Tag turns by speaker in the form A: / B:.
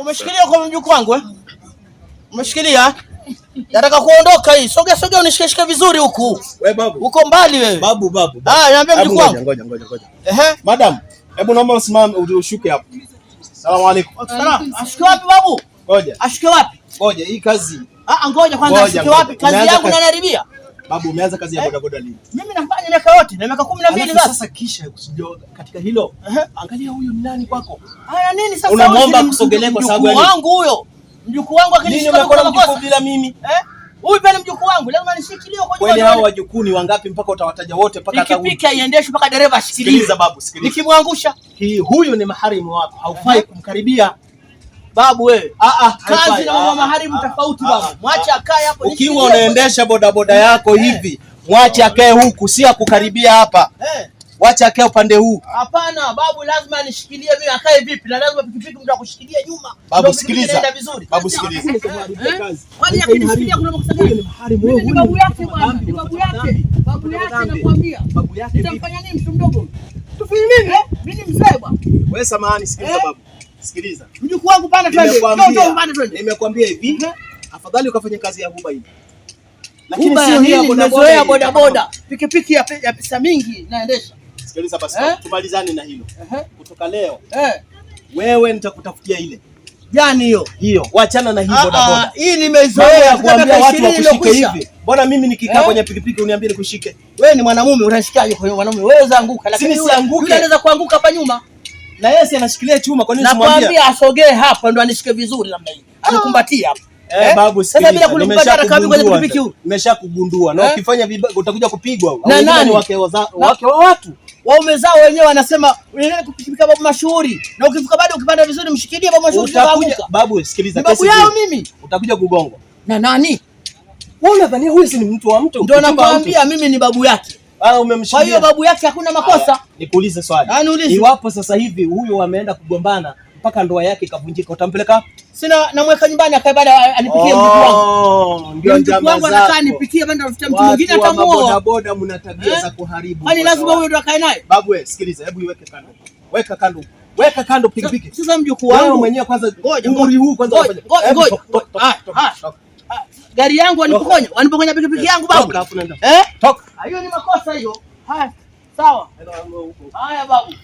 A: Umeshikilia kwa mjukuu wangu eh? Umeshikilia? Nataka kuondoka hii. Sogea sogea unishikeshike vizuri huku. Wewe babu. Uko mbali wewe.
B: Babu babu.
A: Ah, niambie mjukuu wangu.
B: Ngoja ngoja ngoja. Ehe. Madam, hebu naomba usimame ushuke hapo. Asalamu alaykum.
A: Ashike wapi babu? Ngoja. Ashike wapi?
B: Ngoja, hii kazi.
A: Ah, ah ngoja kwanza ashike wapi? Kazi yangu inaniharibia.
B: Babu, umeanza kazi ya eh, boda boda lini?
A: Mimi nafanya miaka yote na miaka 12 sasa.
B: Sasa kisha kusijioga katika hilo. Angalia huyu ni nani kwako?
A: Haya nini sasa?
B: Unamwomba kusogelea kwa sababu yani.
A: Wangu huyo. Mjukuu wangu
B: akinishika kwa makosa bila mimi.
A: Eh? Huyu pia ni mjukuu wangu, lazima nishikilie kwa
B: jua. Wale hao wajukuu ni wangapi mpaka utawataja wote
A: mpaka hata huyu. Ikipika iendeshwe mpaka dereva ashikilie.
B: Sikiliza babu, sikiliza.
A: Nikimwangusha.
B: hii Huyu ni maharimu wako, haufai kumkaribia.
A: Babu we. Ah ah, kazi na mama ah, maharimu ah, tofauti ah, babu. Mwache akae hapo.
B: Ukiwa unaendesha bodaboda yako eh. hivi, mwache akae huku, si akukaribia hapa. Eh. Wacha akae upande huu.
A: Hapana babu, lazima nishikilie mimi. Akae vipi? Na lazima pikipiki mtu akushikilia nyuma.
B: Babu sikiliza. Babu sikiliza. Eh?
A: Kwani akinishikilia kuna makosa gani?
B: Ni maharimu wewe. Ni
A: babu yake bwana. Ni babu yake. Babu yake anakuambia. Babu yake. Nitamfanya nini mtu mdogo? Tufanye nini? Eh? Mimi ni mzee bwana.
B: Wewe samahani, sikiliza babu. Sikiliza.
A: Mjukuu wangu panda
B: twende. Nimekwambia hivi, mhm. afadhali ukafanya kazi ya Uber hii.
A: Lakini sio hii nimezoea boda boda. Pikipiki ya pesa mingi naendesha.
B: Sikiliza basi, eh? tumalizane na hilo. Kutoka leo eh. wewe nitakutafutia ile jani hiyo hiyo, wachana na hii ah, boda boda. Ah,
A: hii nimezoea kuambia
B: watu wakushike hivi. Mbona mimi nikikaa eh? kwenye pikipiki uniambie nikushike?
A: Wewe ni mwanamume, unashikaje kwa mwanamume? Wewe zaanguka,
B: lakini si anguke,
A: anaweza kuanguka hapa nyuma na yeye anashikilia chuma, kwa nini usimwambie? Nakwambia asogee hapa ndo anishike vizuri namna hii. Anakumbatia ah. hapa. Eh, eh, babu sasa bila kulikumbatia hata kama kwenye pikipiki huyu.
B: Nimeshakugundua na eh? ukifanya vibaya utakuja kupigwa Na nani wake wa
A: watu? Waume zao wenyewe wanasema unaendelea kupikipika babu mashuhuri. Na ukifika bado ukipanda vizuri mshikilie babu
B: mashuhuri utakuja. Babu babu sikiliza kesi.
A: Babu yao mimi.
B: Utakuja kugongwa.
A: Na nani? Wewe unadhani huyu si mtu wa mtu? Ndio nakwambia mimi ni babu yake. Ah, umemshikia. Kwa hiyo babu yake hakuna makosa.
B: Nikuulize swali. Ah, niulize. Iwapo sasa hivi huyo ameenda kugombana mpaka ndoa yake ikavunjika, utampeleka?
A: Sina, namweka nyumbani akae baada anipikie oh, mtu
B: wangu.
A: Ndio Mtu wangu anataka baada anafuta mtu mwingine atamuoa. Boda
B: boda mna tabia eh? za kuharibu.
A: Kwani lazima huyo ndo akae naye.
B: Babu wewe, eh, sikiliza, hebu iweke kando. Weka kando. Weka kando pikipiki.
A: Sasa mjukuu wangu mwenyewe kwanza ngoja ngori huu kwanza. Ngoja ngoja.
B: Ah,
A: gari yangu wanipokonya, wanipokonya pikipiki yangu babu. Eh? Toka hiyo ni makosa hiyo. Haya, sawa. Haya babu.